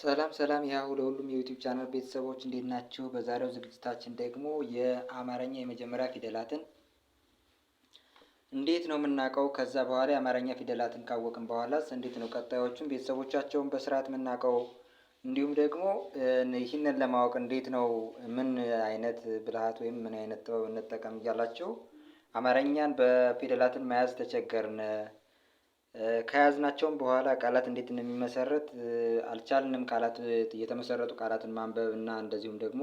ሰላም ሰላም ያው ለሁሉም የዩቲዩብ ቻናል ቤተሰቦች እንዴት ናችሁ? በዛሬው ዝግጅታችን ደግሞ የአማርኛ የመጀመሪያ ፊደላትን እንዴት ነው የምናውቀው፣ ከዛ በኋላ የአማርኛ ፊደላትን ካወቅን በኋላስ እንዴት ነው ቀጣዮቹን ቤተሰቦቻቸውን በስርዓት የምናውቀው፣ እንዲሁም ደግሞ ይህንን ለማወቅ እንዴት ነው ምን አይነት ብልሃት ወይም ምን አይነት ጥበብ እንጠቀም እያላቸው አማርኛን በፊደላትን መያዝ ተቸገርን ከያዝናቸውም በኋላ ቃላት እንዴት እንደሚመሰረት አልቻልንም ቃላት የተመሰረቱ ቃላትን ማንበብ እና እንደዚሁም ደግሞ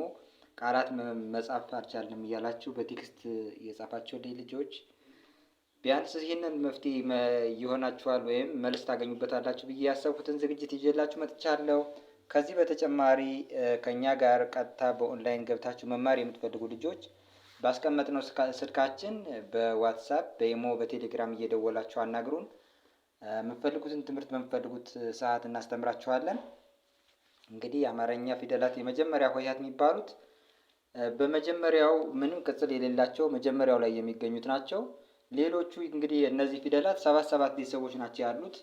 ቃላት መጻፍ አልቻልንም እያላችሁ በቴክስት የጻፋችሁልኝ ልጆች ቢያንስ ይህንን መፍትሄ ይሆናችኋል ወይም መልስ ታገኙበታላችሁ ብዬ ያሰብኩትን ዝግጅት ይዤላችሁ መጥቻለሁ። ከዚህ በተጨማሪ ከእኛ ጋር ቀጥታ በኦንላይን ገብታችሁ መማር የምትፈልጉ ልጆች ባስቀመጥነው ስልካችን በዋትሳፕ፣ በኢሞ፣ በቴሌግራም እየደወላችሁ አናግሩን። የምትፈልጉትን ትምህርት በምትፈልጉት ሰዓት እናስተምራችኋለን። እንግዲህ የአማርኛ ፊደላት የመጀመሪያ ሆሄያት የሚባሉት በመጀመሪያው ምንም ቅጽል የሌላቸው መጀመሪያው ላይ የሚገኙት ናቸው። ሌሎቹ እንግዲህ እነዚህ ፊደላት ሰባት ሰባት ቤተሰቦች ናቸው ያሉት።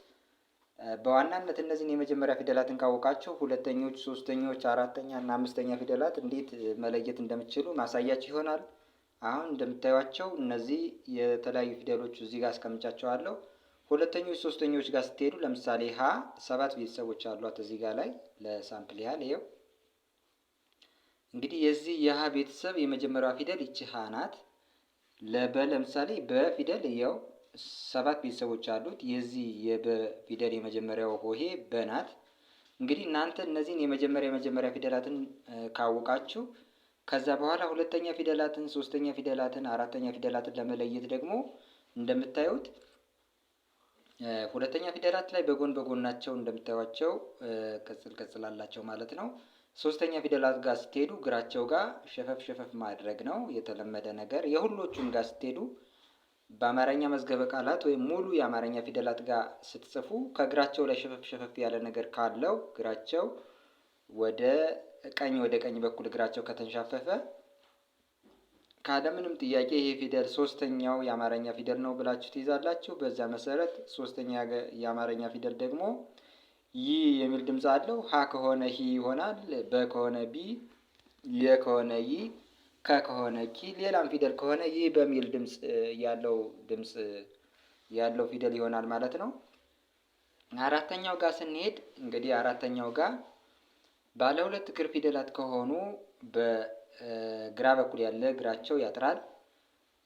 በዋናነት እነዚህን የመጀመሪያ ፊደላትን ካወቃቸው ሁለተኞች፣ ሶስተኞች፣ አራተኛ እና አምስተኛ ፊደላት እንዴት መለየት እንደምችሉ ማሳያቸው ይሆናል። አሁን እንደምታዩቸው እነዚህ የተለያዩ ፊደሎች እዚህ ጋር አስቀምጫቸዋለሁ። ሁለተኞች ሶስተኞች ጋር ስትሄዱ ለምሳሌ ሀ ሰባት ቤተሰቦች አሏት እዚህ ጋር ላይ ለሳምፕል ያህል ይኸው እንግዲህ የዚህ የሀ ቤተሰብ የመጀመሪያዋ ፊደል ይቺ ሀ ናት። ለበ ለምሳሌ በፊደል ያው ሰባት ቤተሰቦች አሉት። የዚህ የበ ፊደል የመጀመሪያው ሆሄ በናት። እንግዲህ እናንተ እነዚህን የመጀመሪያ የመጀመሪያ ፊደላትን ካወቃችሁ ከዛ በኋላ ሁለተኛ ፊደላትን፣ ሶስተኛ ፊደላትን፣ አራተኛ ፊደላትን ለመለየት ደግሞ እንደምታዩት ሁለተኛ ፊደላት ላይ በጎን በጎናቸው እንደምታዩቸው ቅጽል ቅጽል አላቸው ማለት ነው። ሶስተኛ ፊደላት ጋር ስትሄዱ እግራቸው ጋር ሸፈፍ ሸፈፍ ማድረግ ነው የተለመደ ነገር። የሁሎቹም ጋር ስትሄዱ በአማርኛ መዝገበ ቃላት ወይም ሙሉ የአማርኛ ፊደላት ጋር ስትጽፉ ከእግራቸው ላይ ሸፈፍ ሸፈፍ ያለ ነገር ካለው ግራቸው ወደ ቀኝ ወደ ቀኝ በኩል እግራቸው ከተንሻፈፈ ካለምንም ጥያቄ ይሄ ፊደል ሶስተኛው የአማርኛ ፊደል ነው ብላችሁ ትይዛላችሁ። በዛ መሰረት ሶስተኛ የአማርኛ ፊደል ደግሞ ይ የሚል ድምፅ አለው። ሀ ከሆነ ሂ ይሆናል። በ ከሆነ ቢ፣ የ ከሆነ ይ፣ ከ ከሆነ ኪ፣ ሌላም ፊደል ከሆነ ይህ በሚል ድምፅ ያለው ድምፅ ያለው ፊደል ይሆናል ማለት ነው። አራተኛው ጋር ስንሄድ እንግዲህ አራተኛው ጋር ባለ ሁለት እግር ፊደላት ከሆኑ በ ግራ በኩል ያለ እግራቸው ያጥራል።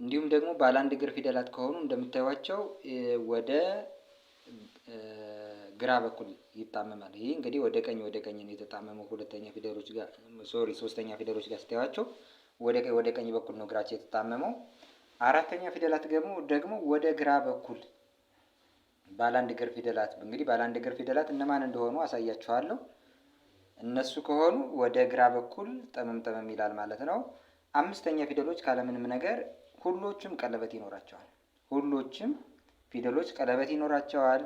እንዲሁም ደግሞ ባለ አንድ እግር ፊደላት ከሆኑ እንደምታዩቸው ወደ ግራ በኩል ይጣመማል። ይህ እንግዲህ ወደ ቀኝ ወደ ቀኝ ነው የተጣመመው። ሁለተኛ ፊደሎች ጋር ሶሪ ሶስተኛ ፊደሎች ጋር ስታዩቸው ወደ ቀኝ ወደ ቀኝ በኩል ነው እግራቸው የተጣመመው። አራተኛ ፊደላት ደግሞ ደግሞ ወደ ግራ በኩል ባለ አንድ እግር ፊደላት እንግዲህ ባለ አንድ እግር ፊደላት እነማን እንደሆኑ አሳያችኋለሁ። እነሱ ከሆኑ ወደ ግራ በኩል ጠመም ጠመም ይላል ማለት ነው። አምስተኛ ፊደሎች ካለምንም ነገር ሁሎችም ቀለበት ይኖራቸዋል። ሁሎችም ፊደሎች ቀለበት ይኖራቸዋል።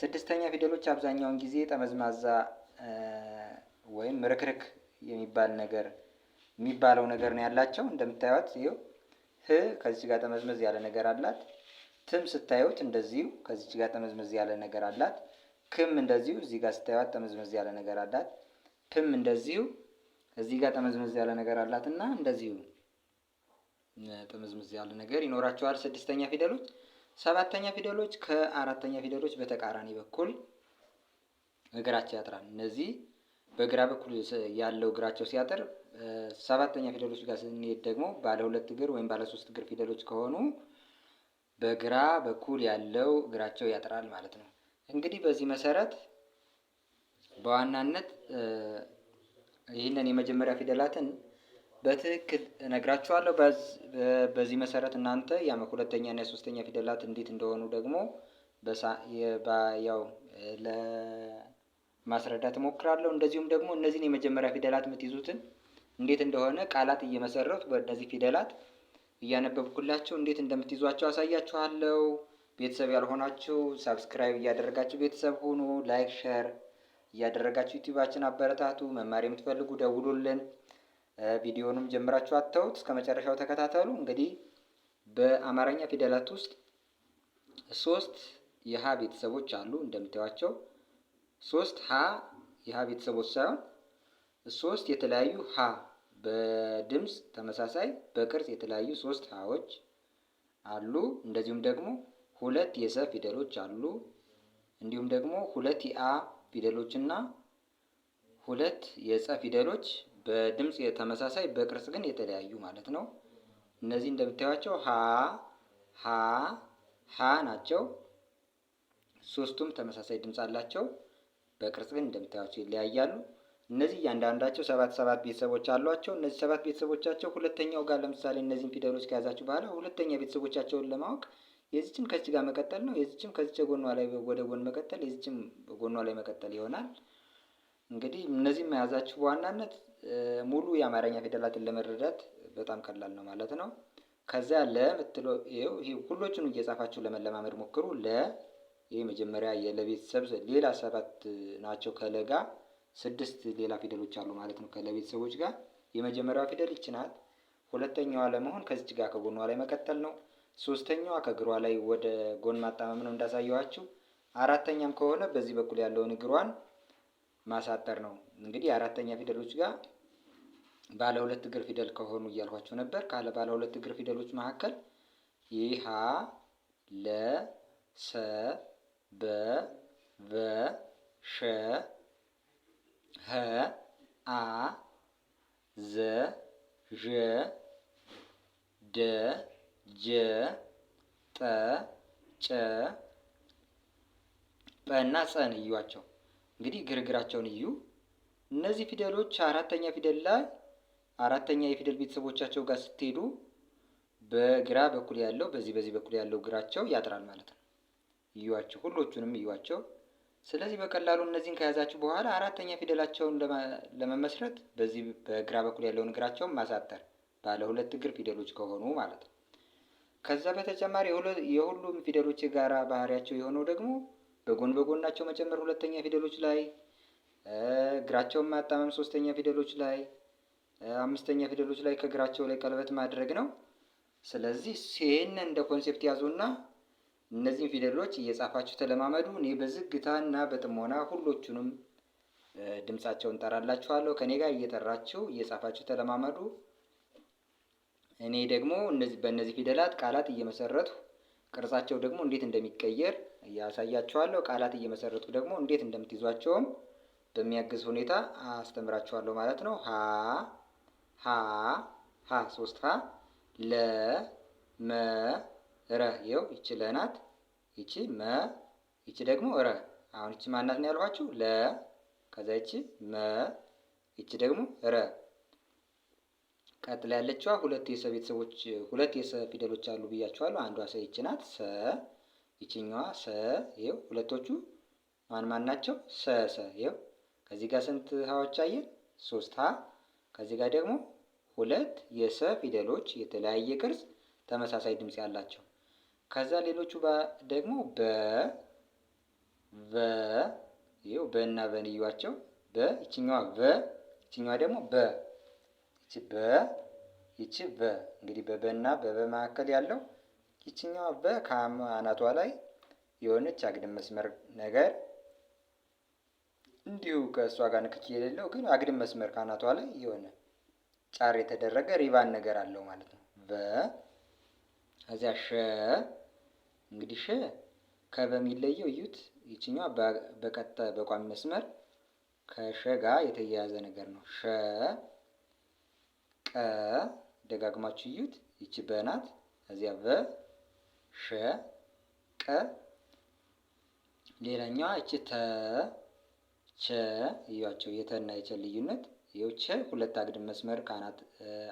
ስድስተኛ ፊደሎች አብዛኛውን ጊዜ ጠመዝማዛ ወይም ርክርክ የሚባል ነገር የሚባለው ነገር ነው ያላቸው። እንደምታዩት ይኸው ህ ከዚች ጋር ጠመዝመዝ ያለ ነገር አላት። ትም ስታዩት እንደዚሁ ከዚች ጋር ጠመዝመዝ ያለ ነገር አላት። ክም እንደዚሁ እዚህ ጋር ስታዩት ጠመዝመዝ ያለ ነገር አላት። ትም እንደዚሁ እዚህ ጋር ጠመዝመዝ ያለ ነገር አላትና እንደዚሁ ጠመዝመዝ ያለ ነገር ይኖራቸዋል። ስድስተኛ ፊደሎች ሰባተኛ ፊደሎች ከአራተኛ ፊደሎች በተቃራኒ በኩል እግራቸው ያጥራል። እነዚህ በግራ በኩል ያለው እግራቸው ሲያጥር፣ ሰባተኛ ፊደሎች ጋር ስንሄድ ደግሞ ባለ ሁለት እግር ወይም ባለ ሶስት እግር ፊደሎች ከሆኑ በግራ በኩል ያለው እግራቸው ያጥራል ማለት ነው። እንግዲህ በዚህ መሰረት በዋናነት ይህንን የመጀመሪያ ፊደላትን በትክክል እነግራችኋለሁ። በዚህ መሰረት እናንተ ያመ ሁለተኛ እና የሶስተኛ ፊደላት እንዴት እንደሆኑ ደግሞ ያው ለማስረዳት እሞክራለሁ። እንደዚሁም ደግሞ እነዚህን የመጀመሪያ ፊደላት የምትይዙትን እንዴት እንደሆነ ቃላት እየመሰረቱ በእነዚህ ፊደላት እያነበብኩላችሁ እንዴት እንደምትይዟቸው አሳያችኋለሁ። ቤተሰብ ያልሆናችሁ ሳብስክራይብ እያደረጋችሁ ቤተሰብ ሁኑ። ላይክ ሸር እያደረጋችሁ ዩቲዩባችን አበረታቱ። መማር የምትፈልጉ ደውሉልን። ቪዲዮንም ጀምራችሁ አታውት እስከ መጨረሻው ተከታተሉ። እንግዲህ በአማርኛ ፊደላት ውስጥ ሶስት የሀ ቤተሰቦች አሉ። እንደምታዩቸው ሶስት ሀ የሀ ቤተሰቦች ሳይሆን ሶስት የተለያዩ ሀ በድምፅ ተመሳሳይ በቅርጽ የተለያዩ ሶስት ሀዎች አሉ። እንደዚሁም ደግሞ ሁለት የሰ ፊደሎች አሉ። እንዲሁም ደግሞ ሁለት የአ ፊደሎችና ሁለት የጸ ፊደሎች በድምፅ የተመሳሳይ በቅርጽ ግን የተለያዩ ማለት ነው። እነዚህ እንደምታዩቸው ሀ ሀ ሀ ናቸው። ሶስቱም ተመሳሳይ ድምፅ አላቸው። በቅርጽ ግን እንደምታዩቸው ይለያያሉ። እነዚህ እያንዳንዳቸው ሰባት ሰባት ቤተሰቦች አሏቸው። እነዚህ ሰባት ቤተሰቦቻቸው ሁለተኛው ጋር ለምሳሌ እነዚህን ፊደሎች ከያዛችሁ በኋላ ሁለተኛ ቤተሰቦቻቸውን ለማወቅ የዚችም ከዚህ ጋር መቀጠል ነው። የዚችም ከዚች ጎኗ ላይ ወደ ጎን መቀጠል፣ የዚችም ጎኗ ላይ መቀጠል ይሆናል። እንግዲህ እነዚህም መያዛችሁ በዋናነት ሙሉ የአማርኛ ፊደላትን ለመረዳት በጣም ቀላል ነው ማለት ነው። ከዚያ ለ ምትለው ይኸው ሁሎቹን እየጻፋችሁ ለመለማመድ ሞክሩ። ለ ይህ መጀመሪያ የለቤተሰብ ሌላ ሰባት ናቸው። ከለጋ ስድስት ሌላ ፊደሎች አሉ ማለት ነው። ከለቤተሰቦች ጋር የመጀመሪያዋ ፊደል ይች ናት። ሁለተኛዋ ለመሆን ከዚች ጋር ከጎኗ ላይ መቀጠል ነው። ሶስተኛዋ ከእግሯ ላይ ወደ ጎን ማጣመም ነው እንዳሳየኋችሁ። አራተኛም ከሆነ በዚህ በኩል ያለውን እግሯን ማሳጠር ነው። እንግዲህ አራተኛ ፊደሎች ጋር ባለ ሁለት እግር ፊደል ከሆኑ እያልኳቸው ነበር። ካለ ባለ ሁለት እግር ፊደሎች መካከል ይሃ ለ ሰ በ በ ሸ ሀ አ ዘ ዠ ደ ጀ ጠ ጨ እና ጸን እዩዋቸው። እንግዲህ ግርግራቸውን እዩ። እነዚህ ፊደሎች አራተኛ ፊደል ላይ አራተኛ የፊደል ቤተሰቦቻቸው ጋር ስትሄዱ በግራ በኩል ያለው በዚህ በዚህ በኩል ያለው ግራቸው ያጥራል ማለት ነው። እዩዋቸው፣ ሁሎቹንም እዩዋቸው። ስለዚህ በቀላሉ እነዚህን ከያዛችሁ በኋላ አራተኛ ፊደላቸውን ለመመስረት በዚህ በግራ በኩል ያለውን እግራቸውን ማሳጠር ባለ ሁለት እግር ፊደሎች ከሆኑ ማለት ነው። ከዛ በተጨማሪ የሁሉም ፊደሎች የጋራ ባህሪያቸው የሆነው ደግሞ በጎን በጎናቸው መጨመር ሁለተኛ ፊደሎች ላይ፣ እግራቸውን ማጣመም ሶስተኛ ፊደሎች ላይ፣ አምስተኛ ፊደሎች ላይ ከእግራቸው ላይ ቀለበት ማድረግ ነው። ስለዚህ ይህንን እንደ ኮንሴፕት ያዙና እነዚህን ፊደሎች እየጻፋችሁ ተለማመዱ። እኔ በዝግታ እና በጥሞና ሁሎቹንም ድምጻቸውን ጠራላችኋለሁ። ከኔ ጋር እየጠራችሁ እየጻፋችሁ ተለማመዱ። እኔ ደግሞ እነዚህ በእነዚህ ፊደላት ቃላት እየመሰረቱ ቅርጻቸው ደግሞ እንዴት እንደሚቀየር እያሳያችኋለሁ። ቃላት እየመሰረቱ ደግሞ እንዴት እንደምትይዟቸውም በሚያግዝ ሁኔታ አስተምራችኋለሁ ማለት ነው። ሀ ሀ ሀ ሶስት ሀ ለ መ ረ ይኸው ይቺ ለናት ይቺ መ ይቺ ደግሞ ረ አሁን ይቺ ማናት ነው ያልኋችሁ ለ ከዛ ይቺ መ ይቺ ደግሞ ረ ቀጥላ ያለችዋ ሁለት የሰ ቤተሰቦች ሁለት የሰ ፊደሎች አሉ ብያችኋለሁ። አንዷ ሰ ይች ናት። ሰ ይችኛዋ ሰ ይኸው። ሁለቶቹ ማን ማን ናቸው? ሰ ሰ ይኸው። ከዚህ ጋር ስንት ሀዎች አየን? ሶስት ሀ። ከዚህ ጋር ደግሞ ሁለት የሰ ፊደሎች የተለያየ ቅርጽ ተመሳሳይ ድምፅ ያላቸው። ከዛ ሌሎቹ ደግሞ በ በ ይኸው በ እና በን እዩዋቸው። በ ይችኛዋ በ ይችኛዋ ደግሞ በ ይቺ በ ይቺ በ እንግዲህ በበና በበ መካከል ያለው ይችኛዋ በ ከአናቷ ላይ የሆነች አግድም መስመር ነገር እንዲሁ ከእሷ ጋር ንክኪ የሌለው ግን አግድም መስመር ከአናቷ ላይ የሆነ ጫር የተደረገ ሪባን ነገር አለው ማለት ነው። በ ከዚያ ሸ እንግዲህ ሸ ከበሚለየው እዩት። ይችኛዋ በቀጥታ በቋሚ መስመር ከሸ ጋር የተያያዘ ነገር ነው ሸ ቀ ደጋግማችሁ እዩት። ይቺ በናት እዚያ በ ሸ ቀ ሌላኛዋ ይቺ ተ ቸ እያቸው የተና የቸ ልዩነት ይኸው ቸ ሁለት አግድም መስመር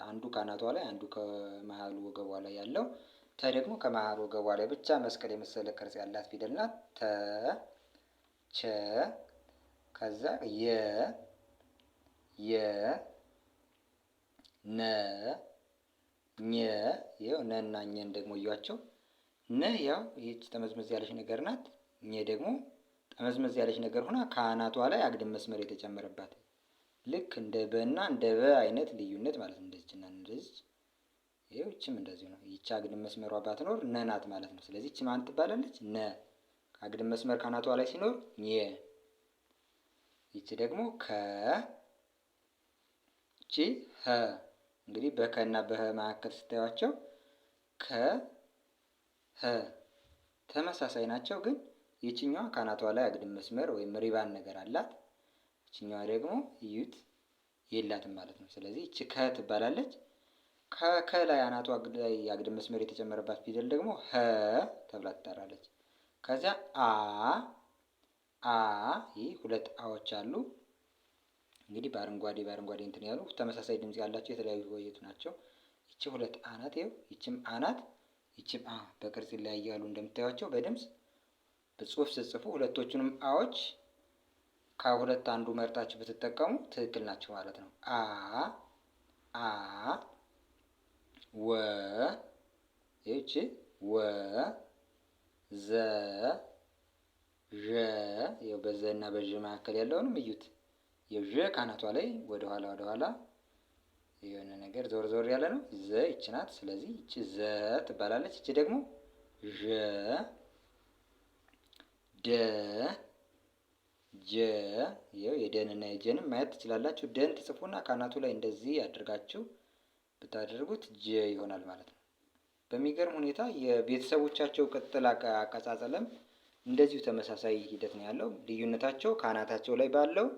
አንዱ ካናቷ ላይ አንዱ ከመሀሉ ወገቧ ላይ ያለው ተ ደግሞ ከመሀሉ ወገቧ ላይ ብቻ መስቀል የመሰለ ቅርጽ ያላት ፊደል ናት። ተ ቸ ከዛ የ የ ነ ኘ ይኸው ነ እና ኘን ደግሞ እያቸው ነ ያው ይህች ጠመዝመዝ ያለች ነገር ናት። ኘ ደግሞ ጠመዝመዝ ያለች ነገር ሆና ከአናቷ ላይ አግድም መስመር የተጨመረባት ልክ እንደ በ እና እንደ በ አይነት ልዩነት ማለት ነው። እንደዚች እና እንደዚች ይኸው ይችም እንደዚሁ ነው። ይቺ አግድም መስመሯ ባትኖር ነ ናት ማለት ነው። ስለዚህ ይቺ ማን ትባላለች? ነ አግድም መስመር ከአናቷ ላይ ሲኖር ኘ። ይቺ ደግሞ ከ ይቺ ሀ እንግዲህ በከ እና በህ መካከል ስታዩቸው ከ ህ ተመሳሳይ ናቸው። ግን ይችኛዋ ካናቷ ላይ አግድም መስመር ወይም ሪባን ነገር አላት። ይችኛዋ ደግሞ እዩት የላትም ማለት ነው። ስለዚህ ይች ከ ትባላለች። ከከ ላይ አናቷ ላይ አግድም መስመር የተጨመረባት ፊደል ደግሞ ሀ ተብላ ትጠራለች። ከዚያ አ አ ይህ ሁለት አዎች አሉ። እንግዲህ በአረንጓዴ በአረንጓዴ እንትን ያሉ ተመሳሳይ ድምፅ ያላቸው የተለያዩ ሆሄያት ናቸው። ይቺ ሁለት አናት ይኸው፣ ይቺም አናት ይቺም አ በቅርጽ ይለያያሉ። እንደምታዩቸው በድምፅ በጽሁፍ ስጽፉ ሁለቶቹንም አዎች ከሁለት አንዱ መርጣችሁ ብትጠቀሙ ትክክል ናቸው ማለት ነው። አ አ ወ ይቺ ወ ዘ ዠ በዘ እና በዥ መካከል ያለውንም እዩት። የዥ ካናቷ ላይ ወደኋላ ወደኋላ የሆነ ነገር ዞር ዞር ያለ ነው። ዘ ይች ናት። ስለዚህ ይቺ ዘ ትባላለች። ይቺ ደግሞ ዠ ደ ጀ ይኸው የደንና የጀንም ማየት ትችላላችሁ። ደን ትጽፉና ካናቱ ላይ እንደዚህ አድርጋችሁ ብታደርጉት ጀ ይሆናል ማለት ነው። በሚገርም ሁኔታ የቤተሰቦቻቸው ቅጥል አቀጻጸለም እንደዚሁ ተመሳሳይ ሂደት ነው ያለው። ልዩነታቸው ካናታቸው ላይ ባለው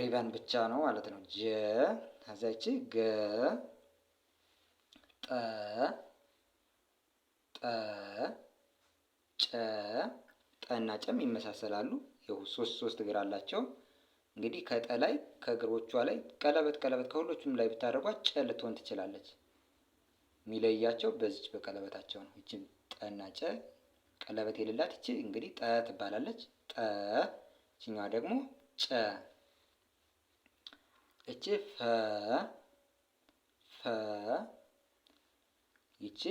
ሪባን ብቻ ነው ማለት ነው። ጀ ከዛች ገ ጠ ጠ ጨ ጠና ጨም ይመሳሰላሉ። ይኸው ሶስት ሶስት እግር አላቸው። እንግዲህ ከጠ ላይ ከእግሮቿ ላይ ቀለበት ቀለበት ከሁሎቹም ላይ ብታደርጓት ጨ ልትሆን ትችላለች። የሚለያቸው በዚች በቀለበታቸው ነው። ይቺ ጠና ጨ ቀለበት የሌላት ይች እንግዲህ ጠ ትባላለች። ጠ ይችኛዋ ደግሞ ጨ እቺ ፈ ፈ ይቺ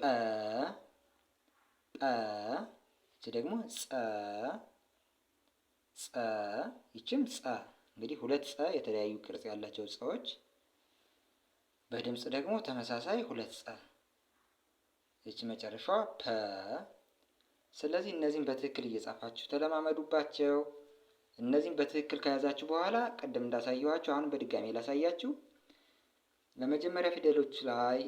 ጰ ጰ ይቺ ደግሞ ጸ ጸ ይቺም ጸ እንግዲህ ሁለት ጸ የተለያዩ ቅርጽ ያላቸው ጸዎች በድምፅ ደግሞ ተመሳሳይ ሁለት ጸ ይቺ መጨረሻዋ ፐ ስለዚህ እነዚህን በትክክል እየጻፋችሁ ተለማመዱባቸው። እነዚህም በትክክል ከያዛችሁ በኋላ ቅድም እንዳሳየኋችሁ አሁን በድጋሚ ላሳያችሁ። ለመጀመሪያ ፊደሎች ላይ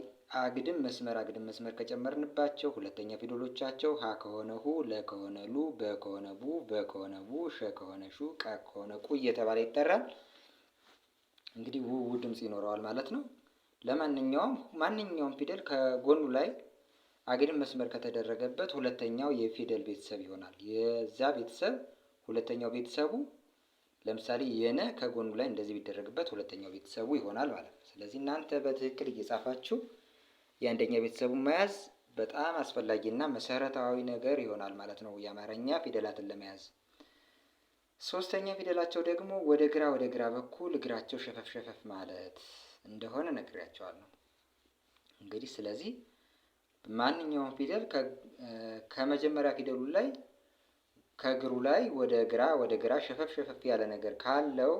አግድም መስመር አግድም መስመር ከጨመርንባቸው ሁለተኛ ፊደሎቻቸው ሀ ከሆነ ሁ፣ ለ ከሆነ ሉ፣ በ ከሆነ ቡ፣ በ ከሆነ ቡ፣ ሸ ከሆነ ሹ፣ ቀ ከሆነ ቁ እየተባለ ይጠራል። እንግዲህ ውው ድምፅ ይኖረዋል ማለት ነው። ለማንኛውም ማንኛውም ፊደል ከጎኑ ላይ አግድም መስመር ከተደረገበት ሁለተኛው የፊደል ቤተሰብ ይሆናል። የዛ ቤተሰብ ሁለተኛው ቤተሰቡ ለምሳሌ የነ ከጎኑ ላይ እንደዚህ ቢደረግበት ሁለተኛው ቤተሰቡ ይሆናል ማለት ነው። ስለዚህ እናንተ በትክክል እየጻፋችሁ የአንደኛ ቤተሰቡን መያዝ በጣም አስፈላጊ እና መሰረታዊ ነገር ይሆናል ማለት ነው የአማርኛ ፊደላትን ለመያዝ። ሶስተኛ ፊደላቸው ደግሞ ወደ ግራ ወደ ግራ በኩል እግራቸው ሸፈፍ ሸፈፍ ማለት እንደሆነ ነግሬያቸዋለሁ። እንግዲህ ስለዚህ ማንኛውም ፊደል ከመጀመሪያ ፊደሉ ላይ ከእግሩ ላይ ወደ ግራ ወደ ግራ ሸፈፍ ሸፈፍ ያለ ነገር ካለው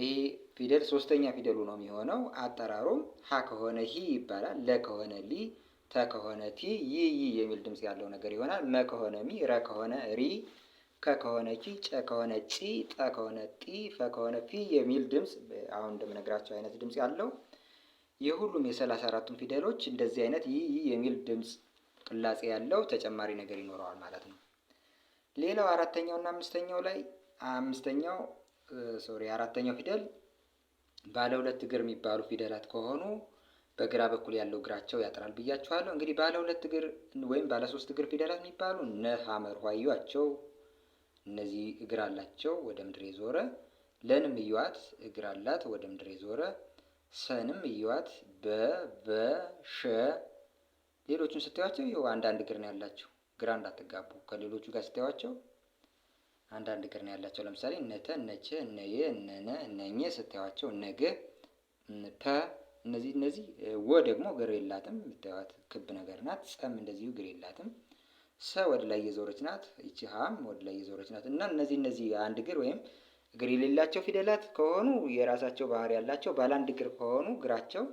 ይሄ ፊደል ሶስተኛ ፊደሉ ነው የሚሆነው። አጠራሩም ሀ ከሆነ ሂ ይባላል። ለ ከሆነ ሊ፣ ተ ከሆነ ቲ፣ ይ ይ የሚል ድምፅ ያለው ነገር ይሆናል። መ ከሆነ ሚ፣ ረ ከሆነ ሪ፣ ከ ከሆነ ቺ፣ ጨ ከሆነ ጪ፣ ጠ ከሆነ ጢ፣ ፈ ከሆነ ፊ የሚል ድምፅ አሁን እንደምነግራቸው አይነት ድምፅ ያለው የሁሉም የሰላሳ አራቱም ፊደሎች እንደዚህ አይነት ይ ይ የሚል ድምፅ ቅላጼ ያለው ተጨማሪ ነገር ይኖረዋል ማለት ነው። ሌላው አራተኛው እና አምስተኛው ላይ አምስተኛው ሶሪ አራተኛው ፊደል ባለ ሁለት እግር የሚባሉ ፊደላት ከሆኑ በግራ በኩል ያለው እግራቸው ያጥራል ብያችኋለሁ። እንግዲህ ባለ ሁለት እግር ወይም ባለ ሶስት እግር ፊደላት የሚባሉ ነ፣ ሐመር፣ ኋዩዋቸው እነዚህ እግር አላቸው ወደ ምድር የዞረ ለንም እዩዋት እግር አላት ወደ ምድር የዞረ ሰንም እዩዋት በ በ ሸ ሌሎቹን ስታዩቸው ይኸው አንዳንድ እግር ነው ያላቸው። ግራ እንዳትጋቡ ከሌሎቹ ጋር ስታዩቸው አንዳንድ እግር ነው ያላቸው። ለምሳሌ ነተ ነቸ እነየ፣ እነነ፣ እነኘ ስታዩቸው ነገ፣ ፐ እነዚህ እነዚህ ወ ደግሞ እግር የላትም የምታዩት ክብ ነገር ናት። ጸም እንደዚሁ እግር የላትም። ሰ ወደ ላይ የዞረች ናት። ይቺ ሀም ወደ ላይ የዞረች ናት እና እነዚህ እነዚህ አንድ እግር ወይም እግር የሌላቸው ፊደላት ከሆኑ የራሳቸው ባህሪ ያላቸው ባለ አንድ እግር ከሆኑ እግራቸው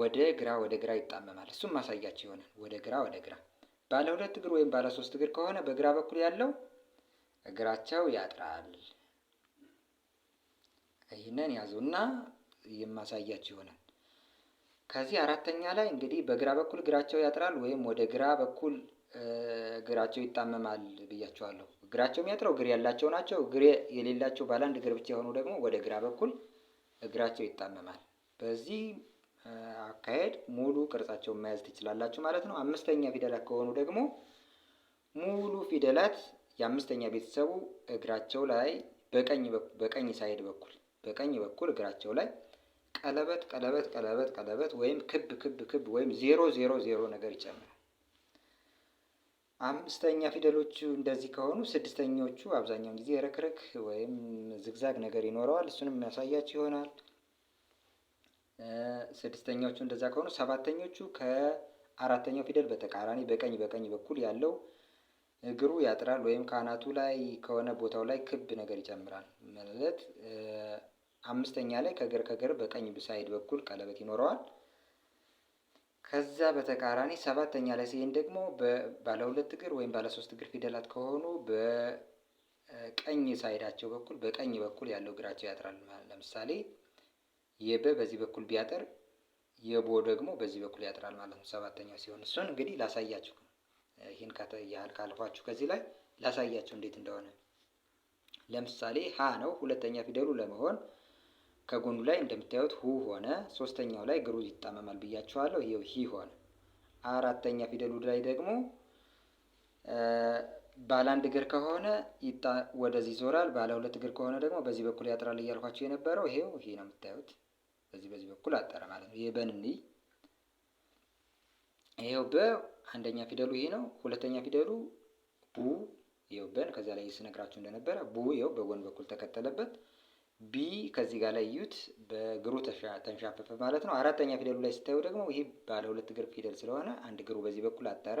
ወደ ግራ ወደ ግራ ይጣመማል። እሱም ማሳያቸው ይሆናል። ወደ ግራ ወደ ግራ ባለ ሁለት እግር ወይም ባለ ሶስት እግር ከሆነ በግራ በኩል ያለው እግራቸው ያጥራል። ይህንን ያዙና የማሳያችሁ ይሆናል። ከዚህ አራተኛ ላይ እንግዲህ በግራ በኩል እግራቸው ያጥራል ወይም ወደ ግራ በኩል እግራቸው ይጣመማል ብያቸዋለሁ። እግራቸው የሚያጥረው እግር ያላቸው ናቸው። እግር የሌላቸው ባለ አንድ እግር ብቻ የሆኑ ደግሞ ወደ ግራ በኩል እግራቸው ይጣመማል። በዚህ አካሄድ ሙሉ ቅርጻቸውን መያዝ ትችላላችሁ ማለት ነው። አምስተኛ ፊደላት ከሆኑ ደግሞ ሙሉ ፊደላት የአምስተኛ ቤተሰቡ እግራቸው ላይ በቀኝ በቀኝ ሳይድ በኩል በቀኝ በኩል እግራቸው ላይ ቀለበት ቀለበት ቀለበት ቀለበት ወይም ክብ ክብ ክብ ወይም ዜሮ ዜሮ ዜሮ ነገር ይጨምራል። አምስተኛ ፊደሎቹ እንደዚህ ከሆኑ ስድስተኞቹ አብዛኛውን ጊዜ ረክረክ ወይም ዝግዛግ ነገር ይኖረዋል። እሱንም የሚያሳያችሁ ይሆናል። ስድስተኛዎቹ እንደዛ ከሆኑ ሰባተኞቹ ከአራተኛው ፊደል በተቃራኒ በቀኝ በቀኝ በኩል ያለው እግሩ ያጥራል ወይም ከአናቱ ላይ ከሆነ ቦታው ላይ ክብ ነገር ይጨምራል ማለት አምስተኛ ላይ ከግር ከግር በቀኝ ብሳይድ በኩል ቀለበት ይኖረዋል። ከዛ በተቃራኒ ሰባተኛ ላይ ሲሄን ደግሞ ባለ ሁለት እግር ወይም ባለ ሶስት እግር ፊደላት ከሆኑ በቀኝ ሳይዳቸው በኩል በቀኝ በኩል ያለው እግራቸው ያጥራል። ለምሳሌ የበ በዚህ በኩል ቢያጠር የቦ ደግሞ በዚህ በኩል ያጥራል ማለት ነው። ሰባተኛው ሲሆን እሱን እንግዲህ ላሳያችሁ ይህን ያህል ካለፋችሁ ከዚህ ላይ ላሳያችሁ እንዴት እንደሆነ። ለምሳሌ ሀ ነው ሁለተኛ ፊደሉ ለመሆን ከጎኑ ላይ እንደምታዩት ሁ ሆነ። ሶስተኛው ላይ ግሩ ይጣመማል ብያችኋለሁ። ይኸው ሂ ሆነ። አራተኛ ፊደሉ ላይ ደግሞ ባለ አንድ እግር ከሆነ ወደዚህ ይዞራል። ባለ ሁለት እግር ከሆነ ደግሞ በዚህ በኩል ያጥራል እያልኳቸው የነበረው ይሄው ይሄ ነው የምታዩት። በዚህ በዚህ በኩል አጠረ ማለት ነው። የበን ይኸው በ አንደኛ ፊደሉ ይሄ ነው። ሁለተኛ ፊደሉ ቡ ይኸው በን ከዛ ላይ ስነግራችሁ እንደነበረ ቡ ይኸው በጎን በኩል ተከተለበት። ቢ ከዚህ ጋር ላይ እዩት፣ በእግሩ ተንሻፈፈ ማለት ነው። አራተኛ ፊደሉ ላይ ስታዩ ደግሞ ይሄ ባለ ሁለት እግር ፊደል ስለሆነ አንድ እግሩ በዚህ በኩል አጠረ።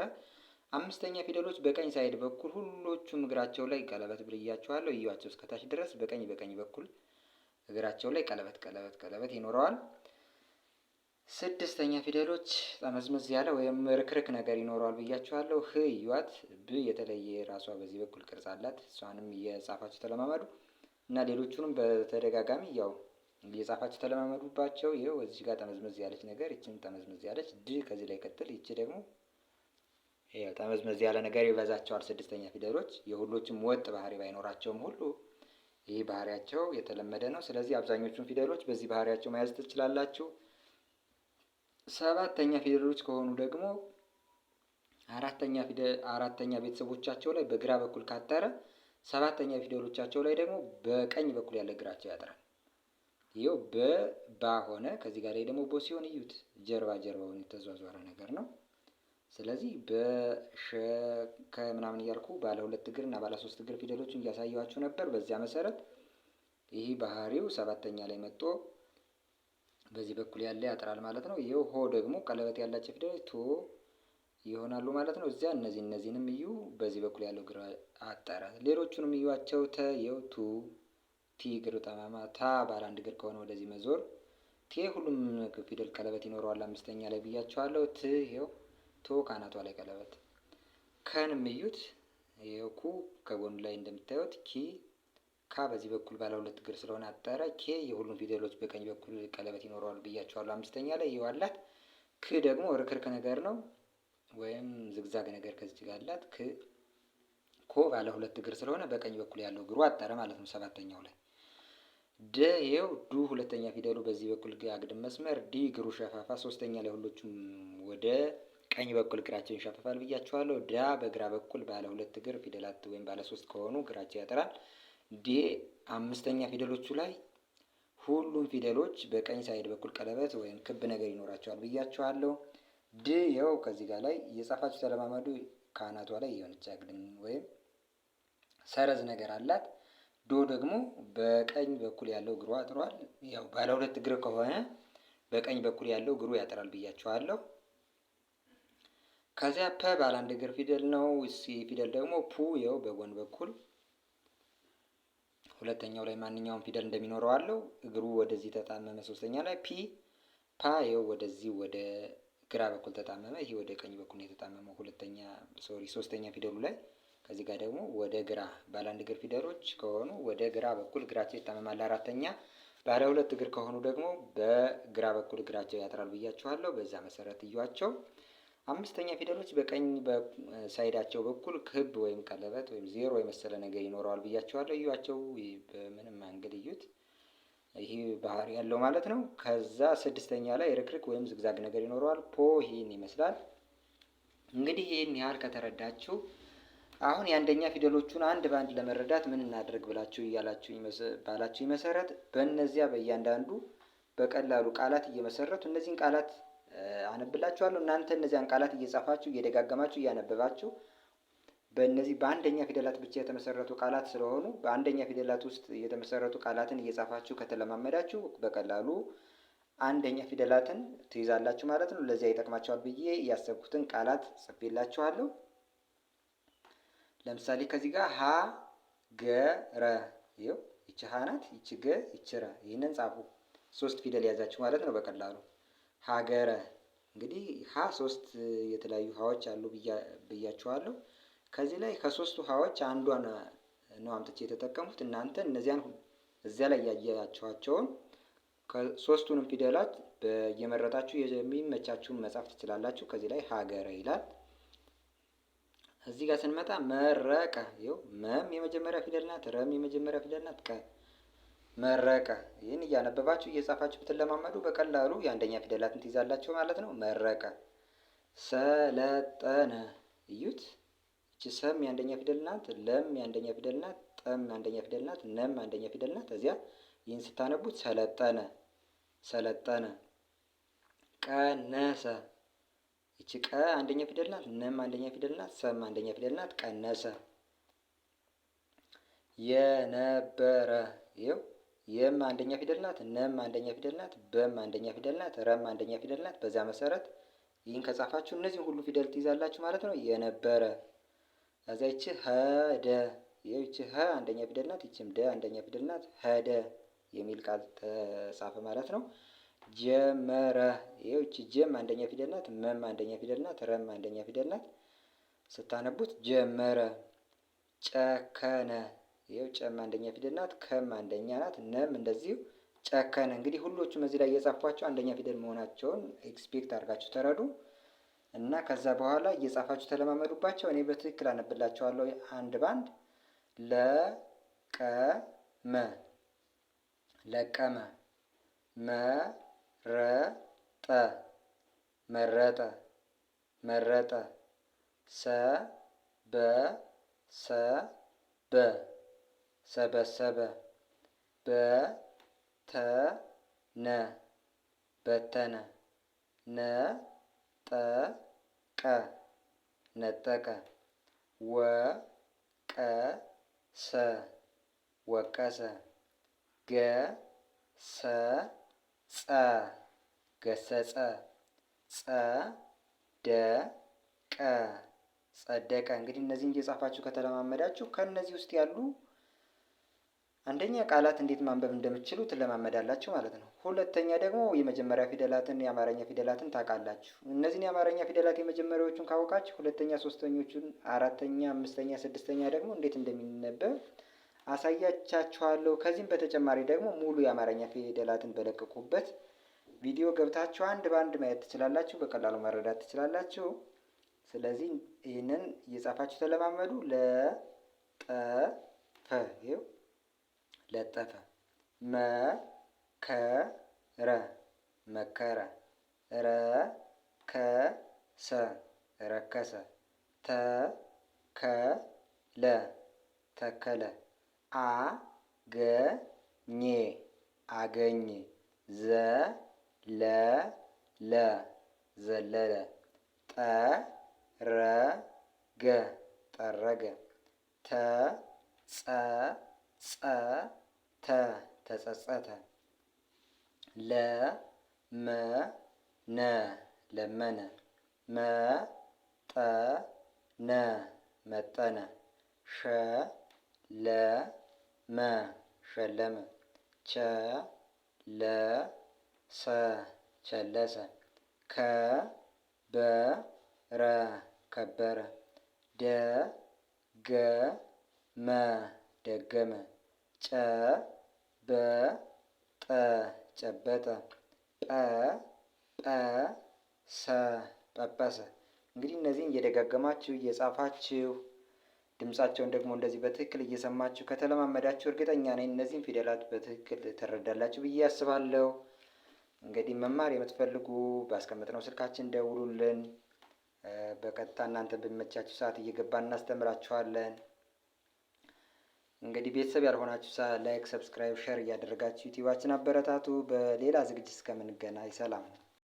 አምስተኛ ፊደሎች በቀኝ ሳይድ በኩል ሁሎቹም እግራቸው ላይ ቀለበት ብልያችኋለሁ፣ እያቸው እስከታች ድረስ በቀኝ በቀኝ በኩል እግራቸው ላይ ቀለበት ቀለበት ቀለበት ይኖረዋል። ስድስተኛ ፊደሎች ጠመዝመዝ ያለ ወይም ርክርክ ነገር ይኖረዋል ብያችኋለሁ። ህ ይዋት ብ የተለየ ራሷ በዚህ በኩል ቅርጽ አላት። እሷንም እየጻፋችሁ ተለማመዱ እና ሌሎቹንም በተደጋጋሚ ያው እየጻፋችሁ ተለማመዱባቸው። ይኸው እዚህ ጋር ጠመዝመዝ ያለች ነገር ይችን ጠመዝመዝ ያለች ድ ከዚህ ላይ ቀጥል ይቺ ደግሞ ጠመዝመዝ ያለ ነገር ይበዛቸዋል። ስድስተኛ ፊደሎች የሁሎችም ወጥ ባህሪ ባይኖራቸውም ሁሉ ይህ ባህሪያቸው የተለመደ ነው። ስለዚህ አብዛኞቹን ፊደሎች በዚህ ባህሪያቸው መያዝ ትችላላችሁ። ሰባተኛ ፊደሎች ከሆኑ ደግሞ አራተኛ አራተኛ ቤተሰቦቻቸው ላይ በግራ በኩል ካጠረ፣ ሰባተኛ ፊደሎቻቸው ላይ ደግሞ በቀኝ በኩል ያለ እግራቸው ያጥራል። ይኸው በባ ሆነ። ከዚህ ጋር ላይ ደግሞ ቦ ሲሆን እዩት። ጀርባ ጀርባውን የተዟዟረ ነገር ነው። ስለዚህ በሸ ከምናምን እያልኩ ባለ ሁለት እግር እና ባለ ሶስት እግር ፊደሎችን እያሳየኋችሁ ነበር። በዚያ መሰረት ይህ ባህሪው ሰባተኛ ላይ መጥቶ በዚህ በኩል ያለ ያጥራል ማለት ነው። ይኸው ሆ ደግሞ ቀለበት ያላቸው ፊደሎች ቶ ይሆናሉ ማለት ነው። እዚያ እነዚህ እነዚህንም እዩ። በዚህ በኩል ያለው እግር አጠረ። ሌሎቹንም እዩዋቸው። ተ የው ቱ ቲ እግር ጠማማ ታ ባለ አንድ እግር ከሆነ ወደዚህ መዞር ቴ ሁሉም ፊደል ቀለበት ይኖረዋል። አምስተኛ ላይ ብያቸዋለሁ። ት ይኸው ቶ ካናቷ ላይ ቀለበት። ከን እዩት የኩ ከጎኑ ላይ እንደምታዩት ኪ ካ በዚህ በኩል ባለ ሁለት እግር ስለሆነ አጠረ። ኬ የሁሉም ፊደሎች በቀኝ በኩል ቀለበት ይኖረዋል ብያቸዋሉ አምስተኛ ላይ ይዋላት ክ ደግሞ ርክርክ ነገር ነው ወይም ዝግዛግ ነገር ከዚህ ጋር አላት። ክ ኮ ባለ ሁለት እግር ስለሆነ በቀኝ በኩል ያለው እግሩ አጠረ ማለት ነው። ሰባተኛው ላይ ደ ይኸው ዱ ሁለተኛ ፊደሉ በዚህ በኩል አግድም መስመር ዲ እግሩ ሸፋፋ ሶስተኛ ላይ ሁሎቹም ወደ ቀኝ በኩል እግራቸውን ይሻፈፋል ብያችኋለሁ። ዳ በግራ በኩል ባለ ሁለት እግር ፊደላት ወይም ባለ ሶስት ከሆኑ እግራቸው ያጠራል። ዴ አምስተኛ ፊደሎቹ ላይ ሁሉም ፊደሎች በቀኝ ሳይድ በኩል ቀለበት ወይም ክብ ነገር ይኖራቸዋል ብያችኋለሁ። ድ ያው ከዚህ ጋር ላይ የጻፋችሁ ተለማመዱ። ከአናቷ ላይ የሆነች አግድም ወይም ሰረዝ ነገር አላት። ዶ ደግሞ በቀኝ በኩል ያለው እግሩ አጥሯል። ያው ባለ ሁለት እግር ከሆነ በቀኝ በኩል ያለው እግሩ ያጠራል ብያችኋለሁ። ከዚያ ፐ ባለ አንድ እግር ፊደል ነው። ሲ ፊደል ደግሞ ፑ የው በጎን በኩል ሁለተኛው ላይ ማንኛውም ፊደል እንደሚኖረው አለው። እግሩ ወደዚህ ተጣመመ። ሶስተኛ ላይ ፒ ፓ የው ወደዚህ ወደ ግራ በኩል ተጣመመ። ይሄ ወደ ቀኝ በኩል የተጣመመው ሁለተኛ ሶሪ ሶስተኛ ፊደሉ ላይ ከዚህ ጋር ደግሞ ወደ ግራ ባለ አንድ እግር ፊደሎች ከሆኑ ወደ ግራ በኩል እግራቸው ይጣመማል። አራተኛ ባለ ሁለት እግር ከሆኑ ደግሞ በግራ በኩል እግራቸው ያጥራል ብያችኋለሁ። በዛ መሰረት እዩዋቸው። አምስተኛ ፊደሎች በቀኝ ሳይዳቸው በኩል ክብ ወይም ቀለበት ወይም ዜሮ የመሰለ ነገር ይኖረዋል ብያቸዋለሁ። እዩዋቸው፣ በምንም አንግል እዩት። ይህ ባህሪ ያለው ማለት ነው። ከዛ ስድስተኛ ላይ ርክርክ ወይም ዝግዛግ ነገር ይኖረዋል። ፖ ይህን ይመስላል። እንግዲህ ይህን ያህል ከተረዳችሁ አሁን የአንደኛ ፊደሎቹን አንድ በአንድ ለመረዳት ምን እናድርግ ብላችሁ እያላችሁ ባላችሁ መሰረት በእነዚያ በእያንዳንዱ በቀላሉ ቃላት እየመሰረቱ እነዚህን ቃላት አነብላችኋለሁ። እናንተ እነዚያን ቃላት እየጻፋችሁ እየደጋገማችሁ እያነበባችሁ በእነዚህ በአንደኛ ፊደላት ብቻ የተመሰረቱ ቃላት ስለሆኑ በአንደኛ ፊደላት ውስጥ የተመሰረቱ ቃላትን እየጻፋችሁ ከተለማመዳችሁ በቀላሉ አንደኛ ፊደላትን ትይዛላችሁ ማለት ነው። ለዚያ ይጠቅማችኋል ብዬ ያሰብኩትን ቃላት ጽፌላችኋለሁ። ለምሳሌ ከዚህ ጋር ሀ ገረ ይው ይቺ ሀ ናት። ይቺ ገ ይቺ ረ። ይህንን ጻፉ። ሶስት ፊደል ያዛችሁ ማለት ነው በቀላሉ ሀገረ እንግዲህ ሀ ሶስት የተለያዩ ሀዎች አሉ ብያቸዋለሁ። ከዚህ ላይ ከሶስቱ ሀዎች አንዷን ነው አምጥቼ የተጠቀሙት እናንተ እነዚያን እዚያ ላይ ያያቸዋቸውን ከሶስቱንም ፊደላት እየመረጣችሁ የሚመቻችሁን መጻፍ ትችላላችሁ። ከዚህ ላይ ሀገረ ይላል። እዚህ ጋር ስንመጣ መረቀ ይኸው መም የመጀመሪያ ፊደል ናት። ረም የመጀመሪያ ፊደል ናት። ቀ መረቀ ይህን እያነበባችሁ እየጻፋችሁ ብትለማመዱ በቀላሉ የአንደኛ ፊደላትን ትይዛላችሁ ማለት ነው። መረቀ ሰለጠነ እዩት። እቺ ሰም የአንደኛ ፊደል ናት። ለም የአንደኛ ፊደል ናት። ጠም አንደኛ ፊደል ናት። ነም አንደኛ ፊደል ናት። እዚያ ይህን ስታነቡት ሰለጠነ ሰለጠነ። ቀነሰ እች ቀ አንደኛ ፊደል ናት። ነም አንደኛ ፊደል ናት። ሰም አንደኛ ፊደል ናት። ቀነሰ የነበረ ይኸው የም አንደኛ ፊደል ናት፣ ነም አንደኛ ፊደል ናት፣ በም አንደኛ ፊደል ናት፣ ረም አንደኛ ፊደል ናት። በዛ መሰረት ይህን ከጻፋችሁ እነዚህን ሁሉ ፊደል ትይዛላችሁ ማለት ነው። የነበረ ከዛ ይቺ ሀደ ይቺ ሀ አንደኛ ፊደል ናት፣ ይቺም ደ አንደኛ ፊደል ናት። ሀደ የሚል ቃል ተጻፈ ማለት ነው። ጀመረ ይቺ ጀም አንደኛ ፊደል ናት፣ መም አንደኛ ፊደል ናት፣ ረም አንደኛ ፊደል ናት። ስታነቡት ጀመረ ጨከነ ይኸው ጨም አንደኛ ፊደል ናት። ከም አንደኛ ናት። ነም እንደዚሁ ጨከን። እንግዲህ ሁሎቹም እዚህ ላይ የጻፏቸው አንደኛ ፊደል መሆናቸውን ኤክስፔክት አድርጋችሁ ተረዱ እና ከዛ በኋላ እየጻፋችሁ ተለማመዱባቸው። እኔ በትክክል አነብላችኋለሁ አንድ ባንድ። ለቀመ ለቀመ፣ መረጠ መረጠ መረጠ፣ ሰበሰበ ሰበሰበ በተነ በተነ ነጠቀ ነጠቀ ወቀሰ ወቀሰ ገሰጸ ገሰጸ ጸደቀ ጸደቀ። እንግዲህ እነዚህን እየጻፋችሁ ከተለማመዳችሁ ከእነዚህ ውስጥ ያሉ አንደኛ ቃላት እንዴት ማንበብ እንደምትችሉ ትለማመዳላችሁ ማለት ነው። ሁለተኛ ደግሞ የመጀመሪያ ፊደላትን የአማርኛ ፊደላትን ታውቃላችሁ። እነዚህን የአማርኛ ፊደላት የመጀመሪያዎቹን ካወቃችሁ ሁለተኛ፣ ሶስተኞቹን፣ አራተኛ፣ አምስተኛ፣ ስድስተኛ ደግሞ እንዴት እንደሚነበብ አሳያቻችኋለሁ። ከዚህም በተጨማሪ ደግሞ ሙሉ የአማርኛ ፊደላትን በለቀቁበት ቪዲዮ ገብታችሁ አንድ በአንድ ማየት ትችላላችሁ። በቀላሉ መረዳት ትችላላችሁ። ስለዚህ ይህንን እየጻፋችሁ ተለማመዱ። ለጠፈ ይኸው ለጠፈ መከረ መከረ ረከሰ ረከሰ ተከለ ተከለ አገኘ ለ ዘለለ ዘለለ ጠረገ ጠረገ ጸ ተ ተጸጸተ ለ መ ነ ለመነ መ ጠ ነ መጠነ ሸ ለ መ ሸለመ ቸ ለ ሰ ቸለሰ ከ በ ረ ከበረ ደ ገ መ ደገመ ጨ በ ጠ ጨበጠ ጰ ጰ ሰ ጰጰሰ። እንግዲህ እነዚህን እየደጋገማችሁ እየጻፋችሁ ድምጻቸውን ደግሞ እንደዚህ በትክክል እየሰማችሁ ከተለማመዳችሁ እርግጠኛ ነኝ እነዚህን ፊደላት በትክክል ትረዳላችሁ ብዬ አስባለሁ። እንግዲህ መማር የምትፈልጉ ባስቀመጥነው ስልካችን ደውሉልን። በቀጥታ እናንተ በሚመቻችሁ ሰዓት እየገባን እናስተምራችኋለን። እንግዲህ ቤተሰብ ያልሆናችሁ ላይክ፣ ሰብስክራይብ፣ ሸር እያደረጋችሁ ዩቲዩባችን አበረታቱ። በሌላ ዝግጅት እስከምንገናኝ ሰላም ነው።